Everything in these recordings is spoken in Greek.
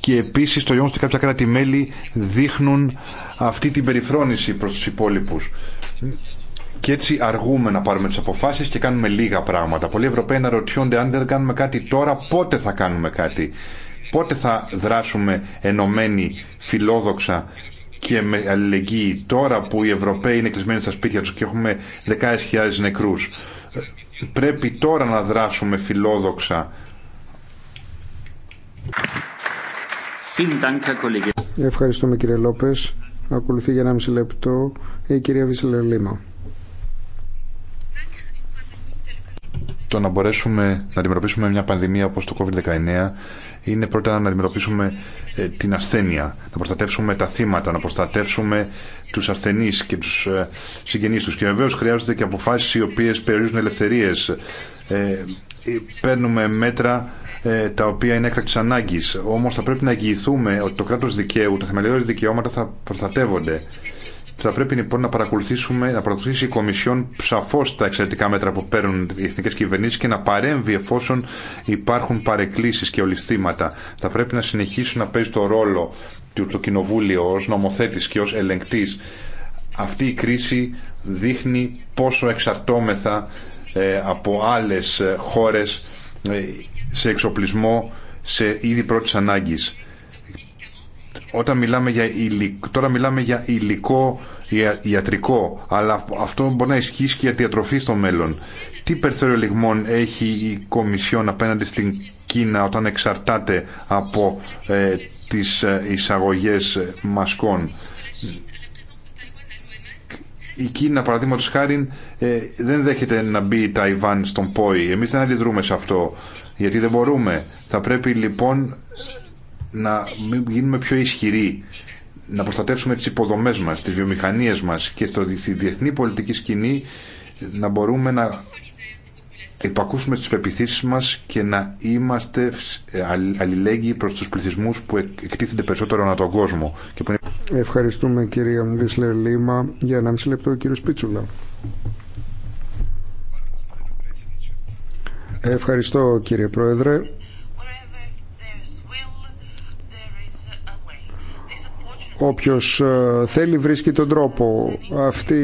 και επίσης το γεγονός οτι ότι κάποια κράτη-μέλη δείχνουν αυτή την περιφρόνηση προς τους υπόλοιπους. Και έτσι αργούμε να πάρουμε τις αποφάσεις και κάνουμε λίγα πράγματα. Πολλοί Ευρωπαίοι να αν δεν κάνουμε κάτι τώρα, πότε θα κάνουμε κάτι. Πότε θα δράσουμε ενωμένοι, φιλόδοξα και με αλληλεγγύη τώρα που οι Ευρωπαίοι είναι κλεισμένοι στα σπίτια τους και έχουμε δεκάδες χιλιάδες νεκρούς. Πρέπει τώρα να δράσουμε φιλόδοξα Ευχαριστούμε κύριε Λόπες. Ακολουθεί για ένα μισή λεπτό η κυρία Βίσελερ Λίμα. Το να μπορέσουμε να αντιμετωπίσουμε μια πανδημία όπως το COVID-19 είναι πρώτα να αντιμετωπίσουμε ε, την ασθένεια, να προστατεύσουμε τα θύματα, να προστατεύσουμε τους ασθενείς και τους ε, συγγενείς τους. Και βεβαίω χρειάζονται και αποφάσεις οι οποίες περιορίζουν ελευθερίες. Ε, ε παίρνουμε μέτρα ε, τα οποία είναι έκτακτη ανάγκη. Όμω θα πρέπει να εγγυηθούμε ότι το κράτο δικαίου, τα θεμελιώδη δικαιώματα θα προστατεύονται. Θα πρέπει λοιπόν να παρακολουθήσουμε, να παρακολουθήσει η Κομισιόν σαφώ τα εξαιρετικά μέτρα που παίρνουν οι εθνικέ κυβερνήσει και να παρέμβει εφόσον υπάρχουν παρεκκλήσει και ολισθήματα. Θα πρέπει να συνεχίσει να παίζει το ρόλο του το Κοινοβούλιο ω νομοθέτη και ω ελεγκτή. Αυτή η κρίση δείχνει πόσο εξαρτώμεθα ε, από άλλες ε, χώρες σε εξοπλισμό σε είδη πρώτης ανάγκης. Όταν μιλάμε για Τώρα μιλάμε για υλικό ιατρικό, αλλά αυτό μπορεί να ισχύσει και για διατροφή στο μέλλον. Τι περιθώριο λιγμών έχει η Κομισιόν απέναντι στην Κίνα όταν εξαρτάται από ε, τις ε, εισαγωγές μασκών η Κίνα, παραδείγματο χάρη, ε, δεν δέχεται να μπει η Ταϊβάν στον ΠΟΗ. Εμεί δεν αντιδρούμε σε αυτό, γιατί δεν μπορούμε. Θα πρέπει λοιπόν να γίνουμε πιο ισχυροί, να προστατεύσουμε τι υποδομέ μα, τι βιομηχανίε μα και στη διεθνή πολιτική σκηνή να μπορούμε να υπακούσουμε τις πεπιθήσεις μας και να είμαστε ε, αλληλέγγυοι προς τους πληθυσμούς που εκτίθενται περισσότερο ανά τον κόσμο. Ευχαριστούμε κυρία Βίσλερ Λίμα. Για ένα μισή λεπτό ο Σπίτσουλα. Πίτσουλα. Ευχαριστώ κύριε Πρόεδρε. Όποιος ε, θέλει βρίσκει τον τρόπο. Αυτή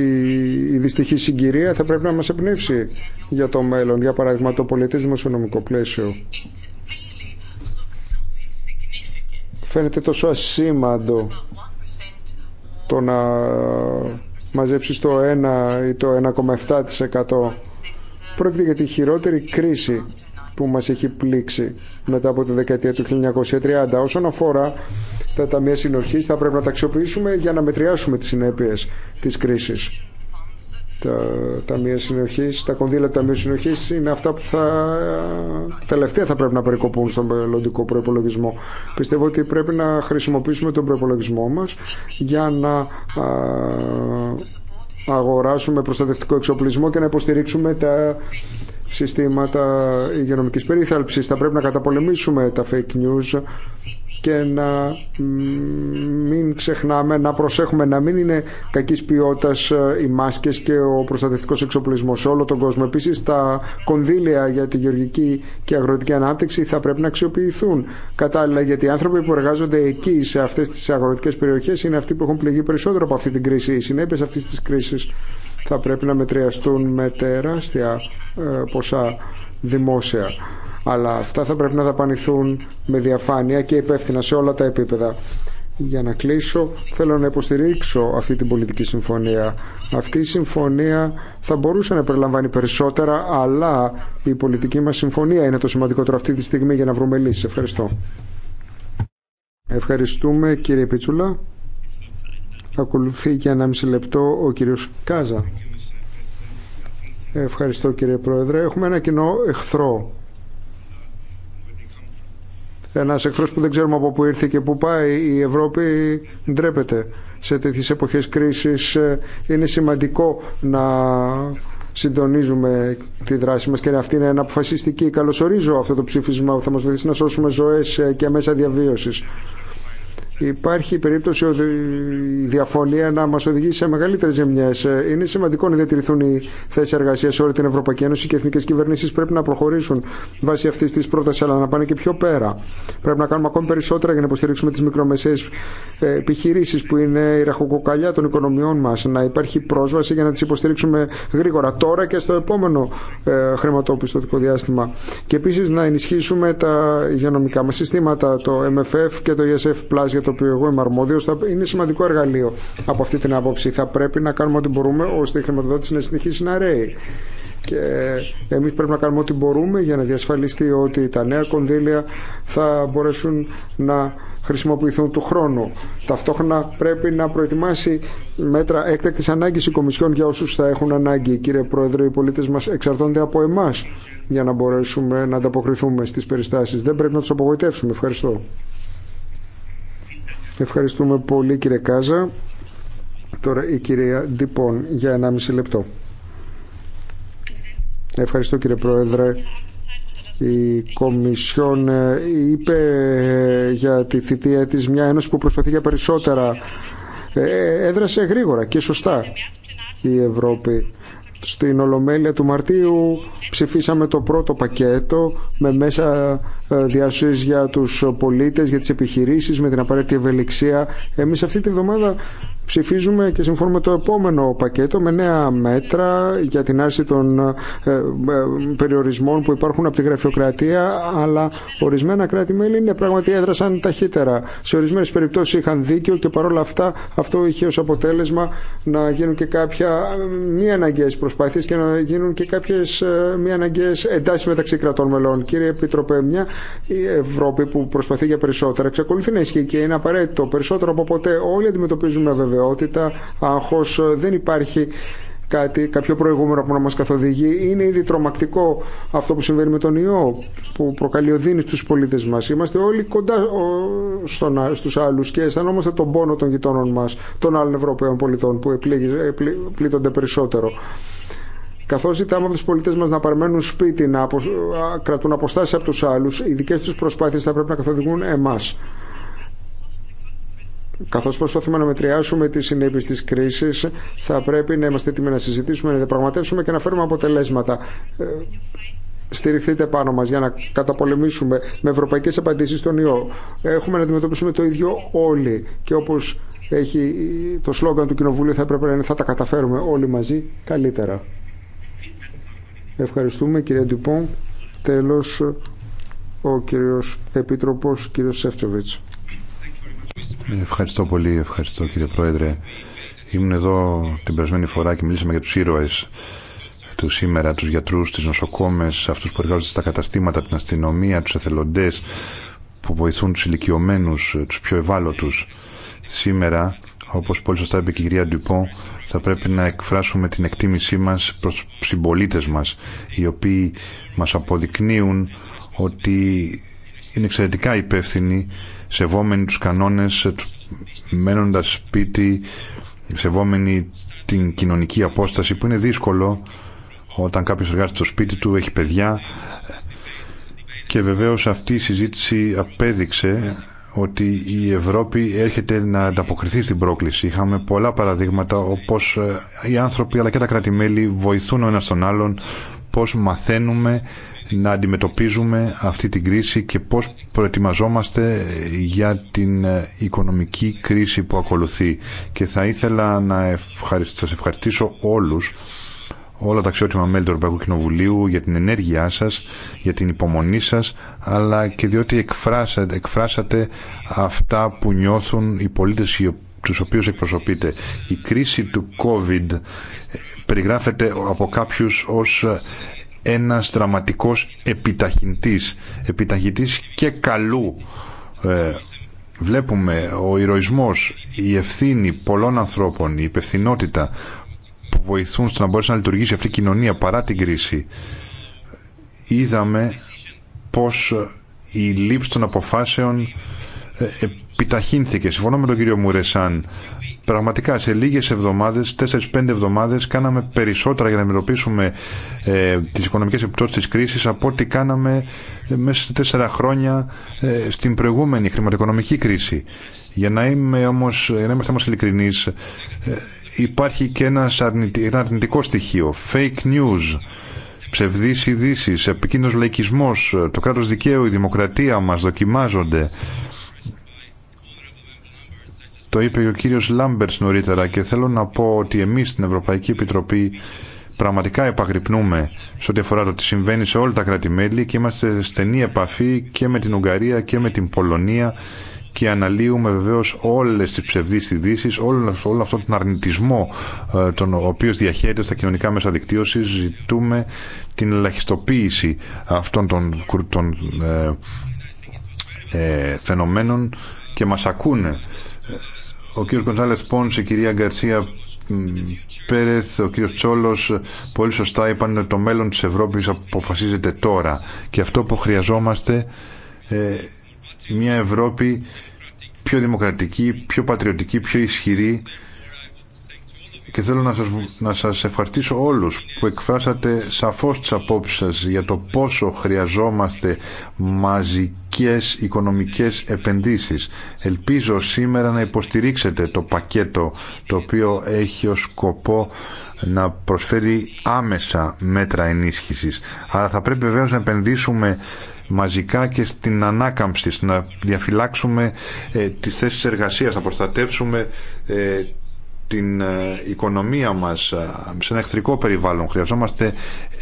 η δυστυχή συγκυρία θα πρέπει να μας εμπνεύσει για το μέλλον, για παράδειγμα το πολιτισμο δημοσιονομικό πλαίσιο. Φαίνεται τόσο ασήμαντο το να μαζέψεις το 1 ή το 1,7%. Πρόκειται για τη χειρότερη κρίση που μας έχει πλήξει μετά από τη δεκαετία του 1930. Όσον αφορά τα ταμεία συνοχής θα πρέπει να τα αξιοποιήσουμε για να μετριάσουμε τις συνέπειες της κρίσης τα ταμεία συνοχής, τα κονδύλια ταμείου συνοχή είναι αυτά που θα τελευταία θα πρέπει να περικοπούν στον μελλοντικό προπολογισμό. Πιστεύω ότι πρέπει να χρησιμοποιήσουμε τον προπολογισμό μας για να αγοράσουμε προστατευτικό εξοπλισμό και να υποστηρίξουμε τα συστήματα υγειονομική περίθαλψης. Θα πρέπει να καταπολεμήσουμε τα fake news και να μην ξεχνάμε να προσέχουμε να μην είναι κακή ποιότητα, ε, οι μάσκες και ο προστατευτικό εξοπλισμό σε όλο τον κόσμο. Επίση, τα κονδύλια για τη γεωργική και αγροτική ανάπτυξη θα πρέπει να αξιοποιηθούν κατάλληλα γιατί οι άνθρωποι που εργάζονται εκεί σε αυτέ τι αγροτικέ περιοχέ, είναι αυτοί που έχουν πληγεί περισσότερο από αυτή την κρίση. Οι συνέπειε αυτή τη κρίση θα πρέπει να μετριαστούν με τεράστια ε, ποσά δημόσια αλλά αυτά θα πρέπει να δαπανηθούν με διαφάνεια και υπεύθυνα σε όλα τα επίπεδα. Για να κλείσω, θέλω να υποστηρίξω αυτή την πολιτική συμφωνία. Αυτή η συμφωνία θα μπορούσε να περιλαμβάνει περισσότερα, αλλά η πολιτική μας συμφωνία είναι το σημαντικότερο αυτή τη στιγμή για να βρούμε λύσεις. Ευχαριστώ. Ευχαριστούμε κύριε Πίτσουλα. Ακολουθεί για μισή λεπτό ο κύριος Κάζα. Ευχαριστώ κύριε Πρόεδρε. Έχουμε ένα κοινό εχθρό ένα εχθρό που δεν ξέρουμε από πού ήρθε και πού πάει. Η Ευρώπη ντρέπεται. Σε τέτοιε εποχέ κρίση είναι σημαντικό να συντονίζουμε τη δράση μα και αυτή είναι ένα αποφασιστική. Καλωσορίζω αυτό το ψήφισμα που θα μα βοηθήσει να σώσουμε ζωέ και μέσα διαβίωση. Υπάρχει περίπτωση ότι η διαφωνία να μας οδηγήσει σε μεγαλύτερες ζημιές. Ε, είναι σημαντικό να διατηρηθούν οι θέσεις εργασίας σε όλη την Ευρωπαϊκή Ένωση και οι εθνικές κυβερνήσεις πρέπει να προχωρήσουν βάσει αυτής της πρότασης αλλά να πάνε και πιο πέρα. Πρέπει να κάνουμε ακόμη περισσότερα για να υποστηρίξουμε τις μικρομεσαίες ε, επιχειρήσεις που είναι η ραχοκοκαλιά των οικονομιών μας. Να υπάρχει πρόσβαση για να τις υποστηρίξουμε γρήγορα τώρα και στο επόμενο ε, χρηματοπιστωτικό διάστημα. Και επίσης να ενισχύσουμε τα υγειονομικά μας συστήματα, το MFF και το ESF Plus το οποίο εγώ είμαι αρμόδιο, είναι σημαντικό εργαλείο από αυτή την άποψη. Θα πρέπει να κάνουμε ό,τι μπορούμε ώστε η χρηματοδότηση να συνεχίσει να ρέει. Και εμεί πρέπει να κάνουμε ό,τι μπορούμε για να διασφαλιστεί ότι τα νέα κονδύλια θα μπορέσουν να χρησιμοποιηθούν του χρόνου. Ταυτόχρονα πρέπει να προετοιμάσει μέτρα έκτακτη ανάγκη η για όσου θα έχουν ανάγκη. Κύριε Πρόεδρε, οι πολίτε μα εξαρτώνται από εμά για να μπορέσουμε να ανταποκριθούμε στι περιστάσει. Δεν πρέπει να του απογοητεύσουμε. Ευχαριστώ. Ευχαριστούμε πολύ κύριε Κάζα. Τώρα η κυρία Ντυπών για 1,5 λεπτό. Ευχαριστώ κύριε Πρόεδρε. Η Κομισιόν ε, είπε ε, για τη θητεία της μια ένωση που προσπαθεί για περισσότερα. Ε, έδρασε γρήγορα και σωστά η Ευρώπη. Στην Ολομέλεια του Μαρτίου ψηφίσαμε το πρώτο πακέτο με μέσα ε, διάσωσης για του πολίτε, για τι επιχειρήσει, με την απαραίτητη ευελιξία. Εμεί αυτή τη βδομάδα ψηφίζουμε και συμφωνούμε το επόμενο πακέτο με νέα μέτρα για την άρση των ε, ε, περιορισμών που υπάρχουν από τη γραφειοκρατία αλλά ορισμένα κράτη-μέλη είναι πράγματι έδρασαν ταχύτερα. Σε ορισμένε περιπτώσει είχαν δίκιο και παρόλα αυτά αυτό είχε ω αποτέλεσμα να γίνουν και κάποια μη αναγκαίε προσπάθειε και να γίνουν και κάποιε μη αναγκαίε εντάσει μεταξύ κρατών μελών. Κύριε Επιτροπέ, μια η Ευρώπη που προσπαθεί για περισσότερα εξακολουθεί να ισχύει και είναι απαραίτητο περισσότερο από ποτέ. Όλοι αντιμετωπίζουμε αβεβαιότητα, άγχος, δεν υπάρχει κάτι, κάποιο προηγούμενο που να μας καθοδηγεί. Είναι ήδη τρομακτικό αυτό που συμβαίνει με τον ιό που προκαλεί οδύνη στους πολίτες μας. Είμαστε όλοι κοντά στον, στους άλλους και αισθανόμαστε τον πόνο των γειτόνων μας, των άλλων Ευρωπαίων πολιτών που ε, πλήττονται περισσότερο. Καθώ ζητάμε από του πολιτέ μα να παραμένουν σπίτι, να κρατούν αποστάσει από του άλλου, οι δικέ του προσπάθειε θα πρέπει να καθοδηγούν εμά. Καθώ προσπαθούμε να μετριάσουμε τι συνέπειε τη κρίση, θα πρέπει να είμαστε έτοιμοι να συζητήσουμε, να διαπραγματεύσουμε και να φέρουμε αποτελέσματα. Ε, στηριχθείτε πάνω μα για να καταπολεμήσουμε με ευρωπαϊκέ απαντήσει τον ιό. Έχουμε να αντιμετωπίσουμε το ίδιο όλοι και όπω έχει το σλόγγαν του Κοινοβουλίου θα έπρεπε να είναι θα τα καταφέρουμε όλοι μαζί καλύτερα. Ευχαριστούμε κύριε Ντυπών. Τέλος ο κύριος Επίτροπος, κύριος Σεφτσοβίτς. Ευχαριστώ πολύ, ευχαριστώ κύριε Πρόεδρε. Ήμουν εδώ την περασμένη φορά και μιλήσαμε για τους ήρωες του σήμερα, τους γιατρούς, τις νοσοκόμες, αυτούς που εργάζονται στα καταστήματα, την αστυνομία, τους εθελοντές που βοηθούν τους ηλικιωμένους, τους πιο ευάλωτους. Σήμερα Όπω πολύ σωστά είπε και η κυρία Ντυπό, θα πρέπει να εκφράσουμε την εκτίμησή προ προς συμπολίτε μας, οι οποίοι μας αποδεικνύουν ότι είναι εξαιρετικά υπεύθυνοι, σεβόμενοι τους κανόνες, μένοντας σπίτι, σεβόμενοι την κοινωνική απόσταση, που είναι δύσκολο όταν κάποιο εργάζεται στο σπίτι του, έχει παιδιά. Και βεβαίως αυτή η συζήτηση απέδειξε ότι η Ευρώπη έρχεται να ανταποκριθεί στην πρόκληση. Είχαμε πολλά παραδείγματα όπως ε, οι άνθρωποι αλλά και τα κρατημέλη βοηθούν ο ένας τον άλλον, πώς μαθαίνουμε να αντιμετωπίζουμε αυτή την κρίση και πώς προετοιμαζόμαστε για την ε, οικονομική κρίση που ακολουθεί. Και θα ήθελα να ευχαριστήσω, σας ευχαριστήσω όλους όλα τα αξιότιμα μέλη του Ευρωπαϊκού Κοινοβουλίου για την ενέργειά σας, για την υπομονή σας, αλλά και διότι εκφράσατε, αυτά που νιώθουν οι πολίτες τους οποίους εκπροσωπείτε. Η κρίση του COVID ε, περιγράφεται από κάποιους ως ε, ένα δραματικός επιταχυντής, επιταχυντής και καλού. Ε, βλέπουμε ο ηρωισμός, η ευθύνη πολλών ανθρώπων, η υπευθυνότητα που βοηθούν στο να μπορέσει να λειτουργήσει αυτή η κοινωνία παρά την κρίση. Είδαμε πως η λήψη των αποφάσεων ε, επιταχύνθηκε. Συμφωνώ με τον κύριο Μουρεσάν. Πραγματικά σε λίγε εβδομάδε, εβδομάδες, 4-5 εβδομάδε κάναμε περισσότερα για να αντιμετωπίσουμε ε, τις οικονομικές επιπτώσεις της κρίσης από ό,τι κάναμε ε, μέσα σε 4 χρόνια ε, στην προηγούμενη χρηματοοικονομική κρίση. Για να, είμαι όμως, για να είμαστε όμω ειλικρινεί, ε, υπάρχει και ένα αρνητικό στοιχείο. Fake news, ψευδείς ειδήσει, επικίνδυνος λαϊκισμός, το κράτος δικαίου, η δημοκρατία μας δοκιμάζονται. Το είπε και ο κύριος Λάμπερς νωρίτερα και θέλω να πω ότι εμείς στην Ευρωπαϊκή Επιτροπή πραγματικά επαγρυπνούμε σε ό,τι αφορά το τι συμβαίνει σε όλα τα κράτη-μέλη και είμαστε σε στενή επαφή και με την Ουγγαρία και με την Πολωνία και αναλύουμε βεβαίω όλες τις ψευδείς ειδήσει, όλο, όλο αυτόν τον αρνητισμό ε, τον οποίο διαχέεται στα κοινωνικά μέσα δικτύωση ζητούμε την ελαχιστοποίηση αυτών των, των ε, ε, φαινομένων και μα ακούνε ο κ. Κοντάλες Πόνς, η κυρία Γκαρσία Πέρεθ, ο κύριος Τσόλος πολύ σωστά είπαν ότι το μέλλον της Ευρώπης αποφασίζεται τώρα και αυτό που χρειαζόμαστε ε, μια Ευρώπη πιο δημοκρατική, πιο πατριωτική, πιο ισχυρή και θέλω να σας, ευχαριστήσω όλους που εκφράσατε σαφώς τις απόψεις σας για το πόσο χρειαζόμαστε μαζικές οικονομικές επενδύσεις. Ελπίζω σήμερα να υποστηρίξετε το πακέτο το οποίο έχει ως σκοπό να προσφέρει άμεσα μέτρα ενίσχυσης. Αλλά θα πρέπει βεβαίως να επενδύσουμε μαζικά και στην ανάκαμψη, να διαφυλάξουμε ε, τις θέσεις εργασίας, να προστατεύσουμε ε, την ε, οικονομία μας ε, σε ένα εχθρικό περιβάλλον. Χρειαζόμαστε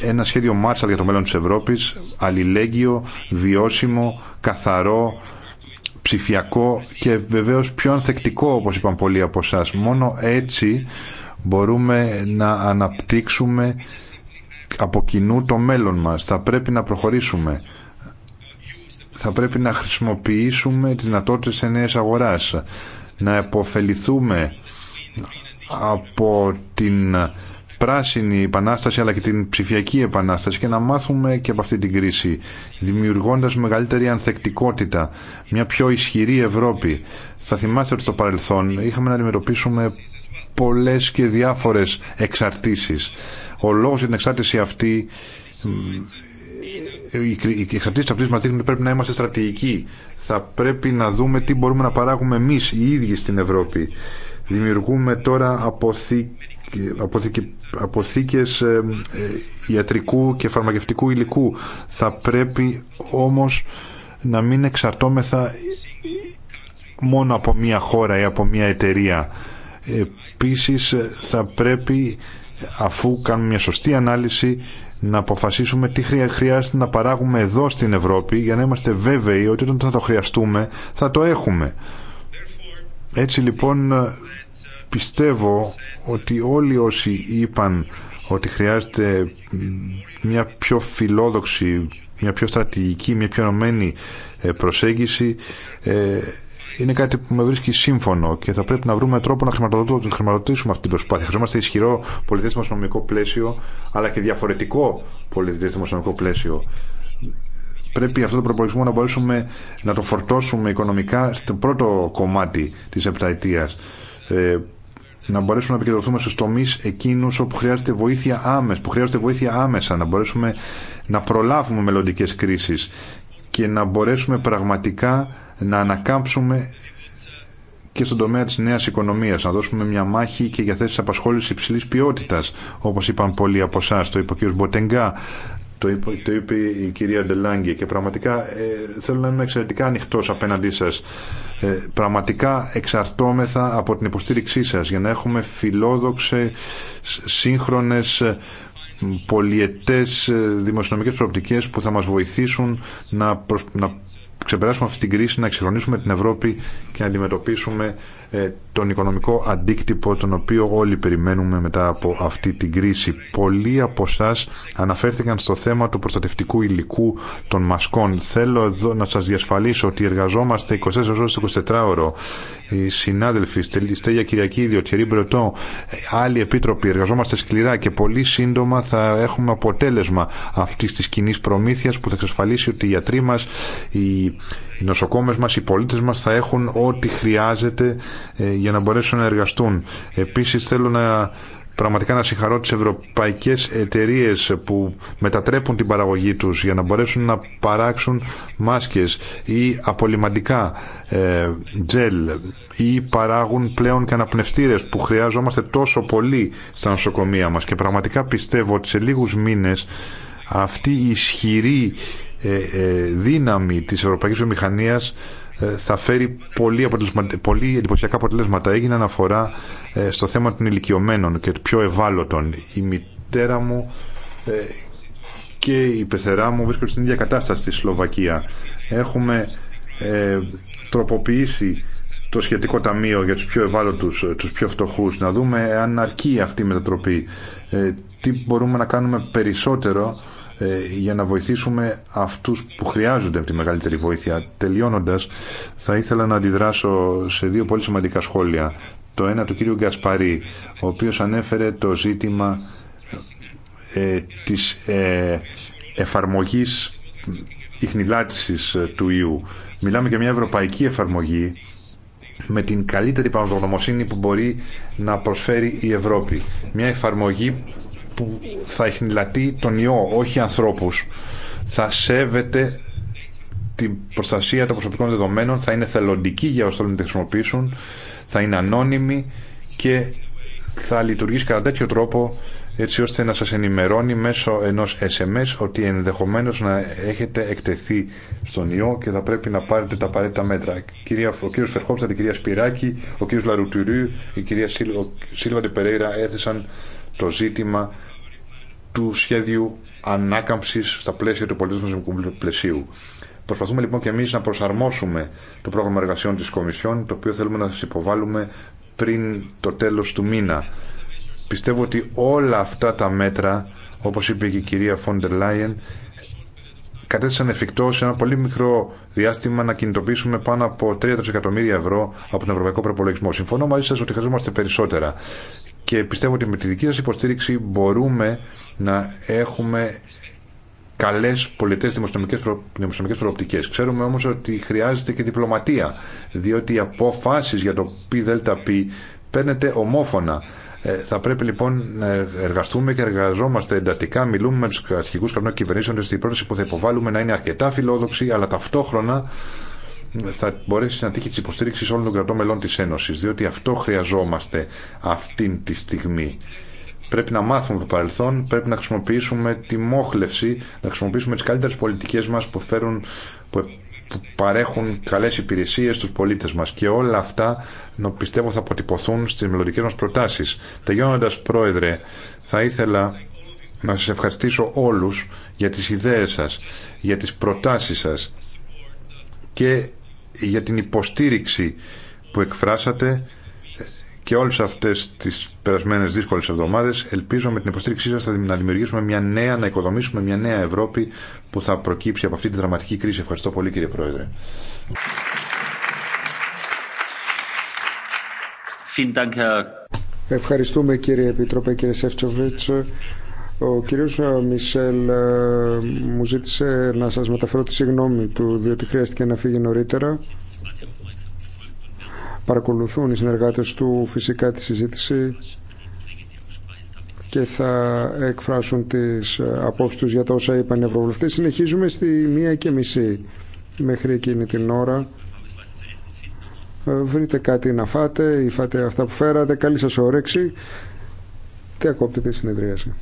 ένα σχέδιο Marshall για το μέλλον της Ευρώπης, αλληλέγγυο, βιώσιμο, καθαρό, ψηφιακό και βεβαίως πιο ανθεκτικό όπως είπαν πολλοί από εσά. Μόνο έτσι μπορούμε να αναπτύξουμε από κοινού το μέλλον μας. Θα πρέπει να προχωρήσουμε θα πρέπει να χρησιμοποιήσουμε τις δυνατότητες της νέας αγοράς, να επωφεληθούμε από την πράσινη επανάσταση αλλά και την ψηφιακή επανάσταση και να μάθουμε και από αυτή την κρίση δημιουργώντας μεγαλύτερη ανθεκτικότητα μια πιο ισχυρή Ευρώπη θα θυμάστε ότι στο παρελθόν είχαμε να αντιμετωπίσουμε πολλές και διάφορες εξαρτήσεις ο λόγος για την εξάρτηση αυτή ε, οι εξαρτήσει αυτή μα δείχνουν ότι πρέπει να είμαστε στρατηγικοί. Θα πρέπει να δούμε τι μπορούμε να παράγουμε εμεί οι ίδιοι στην Ευρώπη. Δημιουργούμε τώρα αποθήκε ε, ε, ιατρικού και φαρμακευτικού υλικού. Θα πρέπει όμως να μην εξαρτώμεθα μόνο από μία χώρα ή από μία εταιρεία. Επίσης θα πρέπει αφού κάνουμε μια σωστή ανάλυση να αποφασίσουμε τι χρειάζεται να παράγουμε εδώ στην Ευρώπη για να είμαστε βέβαιοι ότι όταν θα το χρειαστούμε θα το έχουμε. Έτσι λοιπόν πιστεύω ότι όλοι όσοι είπαν ότι χρειάζεται μια πιο φιλόδοξη, μια πιο στρατηγική, μια πιο ενωμένη ε, προσέγγιση ε, είναι κάτι που με βρίσκει σύμφωνο και θα πρέπει να βρούμε τρόπο να χρηματοδοτήσουμε αυτή την προσπάθεια. Χρειαζόμαστε ισχυρό ισχυρό δημοσιονομικό πλαίσιο, αλλά και διαφορετικό πολιτισμο δημοσιονομικό πλαίσιο. Πρέπει αυτό το προπολογισμό να μπορέσουμε να το φορτώσουμε οικονομικά στο πρώτο κομμάτι τη επταετία. Ε, να μπορέσουμε να επικεντρωθούμε στου τομεί εκείνου όπου χρειάζεται βοήθεια άμεσα, που χρειάζεται βοήθεια άμεσα, να μπορέσουμε να προλάβουμε μελλοντικέ κρίσει και να μπορέσουμε πραγματικά να ανακάμψουμε και στον τομέα της νέας οικονομίας, να δώσουμε μια μάχη και για θέσεις απασχόλησης υψηλής ποιότητας, όπως είπαν πολλοί από εσά, το είπε ο κ. Μποτεγκά, το είπε, η κυρία Ντελάγκη και πραγματικά ε, θέλω να είμαι εξαιρετικά ανοιχτό απέναντί σας. Ε, πραγματικά εξαρτώμεθα από την υποστήριξή σας για να έχουμε φιλόδοξε σύγχρονες, ε, πολιετές ε, δημοσιονομικές προοπτικές που θα μας βοηθήσουν να, προσ... να ξεπεράσουμε αυτή την κρίση, να εξελονίσουμε την Ευρώπη και να αντιμετωπίσουμε ε, τον οικονομικό αντίκτυπο τον οποίο όλοι περιμένουμε μετά από αυτή την κρίση. Πολλοί από εσά αναφέρθηκαν στο θέμα του προστατευτικού υλικού των μασκών. Θέλω εδώ να σας διασφαλίσω ότι εργαζόμαστε 24 ώρες 24 ώρο. Οι συνάδελφοι, η Στέγια Κυριακίδη, ο Τιερή Μπρετό, άλλοι επίτροποι, εργαζόμαστε σκληρά και πολύ σύντομα θα έχουμε αποτέλεσμα αυτής της κοινή προμήθειας που θα εξασφαλίσει ότι οι γιατροί μας, οι νοσοκόμες μας, οι πολίτες μας θα έχουν ό,τι χρειάζεται ε, για να μπορέσουν να εργαστούν. Επίσης θέλω να πραγματικά να συγχαρώ τις ευρωπαϊκές εταιρείες που μετατρέπουν την παραγωγή τους για να μπορέσουν να παράξουν μάσκες ή απολυμαντικά ε, τζελ ή παράγουν πλέον και αναπνευστήρες που χρειάζομαστε τόσο πολύ στα νοσοκομεία μας και πραγματικά πιστεύω ότι σε λίγους μήνες αυτή η ισχυρή ε, ε, δύναμη της ευρωπαϊκής βιομηχανίας ε, θα φέρει πολύ, πολύ εντυπωσιακά αποτελέσματα. Έγινε αναφορά ε, στο θέμα των ηλικιωμένων και των πιο ευάλωτων. Η μητέρα μου ε, και η πεθερά μου βρίσκονται στην ίδια κατάσταση στη Σλοβακία. Έχουμε τροποποιήσει το σχετικό ταμείο για τους πιο ευάλωτους, τους πιο φτωχούς, να δούμε αν αρκεί αυτή η μετατροπή, τι μπορούμε να κάνουμε περισσότερο ε, για να βοηθήσουμε αυτούς που χρειάζονται από τη μεγαλύτερη βοήθεια. Τελειώνοντας, θα ήθελα να αντιδράσω σε δύο πολύ σημαντικά σχόλια. Το ένα του κύριου Γκασπαρή, ο οποίος ανέφερε το ζήτημα ε, της ε, εφαρμογής ιχνηλάτησης του ιού. Μιλάμε για μια ευρωπαϊκή εφαρμογή με την καλύτερη πραγματογνωμοσύνη που μπορεί να προσφέρει η Ευρώπη. Μια εφαρμογή που θα εχνηλατεί τον ιό, όχι ανθρώπους. Θα σέβεται την προστασία των προσωπικών δεδομένων, θα είναι θελοντική για όσους θέλουν να τη χρησιμοποιήσουν, θα είναι ανώνυμη και θα λειτουργήσει κατά τέτοιο τρόπο έτσι ώστε να σας ενημερώνει μέσω ενός SMS ότι ενδεχομένως να έχετε εκτεθεί στον ιό και θα πρέπει να πάρετε τα απαραίτητα μέτρα. ο κύριος Φερχόπστα, η κυρία Σπυράκη, ο κύριος Λαρουτουρίου, η κυρία Σίλβαντε Περέιρα έθεσαν το ζήτημα του σχέδιου ανάκαμψη στα πλαίσια του πολιτισμού πολιτισμικού πλαισίου. Προσπαθούμε λοιπόν και εμεί να προσαρμόσουμε το πρόγραμμα εργασιών τη Κομισιόν, το οποίο θέλουμε να σα υποβάλουμε πριν το τέλο του μήνα. Πιστεύω ότι όλα αυτά τα μέτρα, όπω είπε και η κυρία Φόντερ Λάιεν, κατέθεσαν εφικτό σε ένα πολύ μικρό διάστημα να κινητοποιήσουμε πάνω από 3 δισεκατομμύρια ευρώ από τον Ευρωπαϊκό Προπολογισμό. Συμφωνώ μαζί σα ότι χρειαζόμαστε περισσότερα. Και πιστεύω ότι με τη δική σα υποστήριξη μπορούμε να έχουμε καλέ πολιτέ δημοσιονομικέ προ... προοπτικέ. Ξέρουμε όμω ότι χρειάζεται και διπλωματία, διότι οι αποφάσει για το ΠΔΠ παίρνεται ομόφωνα. Ε, θα πρέπει λοιπόν να εργαστούμε και εργαζόμαστε εντατικά. Μιλούμε με του αρχικού κανόνε κυβερνήσεων στην πρόταση που θα υποβάλουμε να είναι αρκετά φιλόδοξη, αλλά ταυτόχρονα θα μπορέσει να τύχει τη υποστήριξη όλων των κρατών μελών τη Ένωση, διότι αυτό χρειαζόμαστε αυτή τη στιγμή. Πρέπει να μάθουμε το παρελθόν, πρέπει να χρησιμοποιήσουμε τη μόχλευση, να χρησιμοποιήσουμε τις καλύτερες πολιτικές μας που, φέρουν, που, παρέχουν καλές υπηρεσίες στους πολίτες μας. Και όλα αυτά πιστεύω θα αποτυπωθούν στις μελλοντικέ μας προτάσεις. Τελειώνοντας, Πρόεδρε, θα ήθελα να σας ευχαριστήσω όλους για τις ιδέες σας, για τις προτάσεις σας και για την υποστήριξη που εκφράσατε και όλες αυτές τις περασμένες δύσκολες εβδομάδες ελπίζω με την υποστήριξή σας να δημιουργήσουμε μια νέα, να οικοδομήσουμε μια νέα Ευρώπη που θα προκύψει από αυτή τη δραματική κρίση. Ευχαριστώ πολύ κύριε Πρόεδρε. Ευχαριστούμε κύριε Επιτρόπε, κύριε Σεφτσοβίτς. Ο κύριος ε, Μισελ ε, μου ζήτησε να σας μεταφέρω τη συγγνώμη του, διότι χρειάστηκε να φύγει νωρίτερα παρακολουθούν οι συνεργάτες του φυσικά τη συζήτηση και θα εκφράσουν τις ε, απόψεις τους για τα όσα είπαν οι ευρωβουλευτές. Συνεχίζουμε στη μία και μισή μέχρι εκείνη την ώρα. Ε, βρείτε κάτι να φάτε ή φάτε αυτά που φέρατε. Καλή σας όρεξη. Τι ακόπτεται η συνεδρίαση.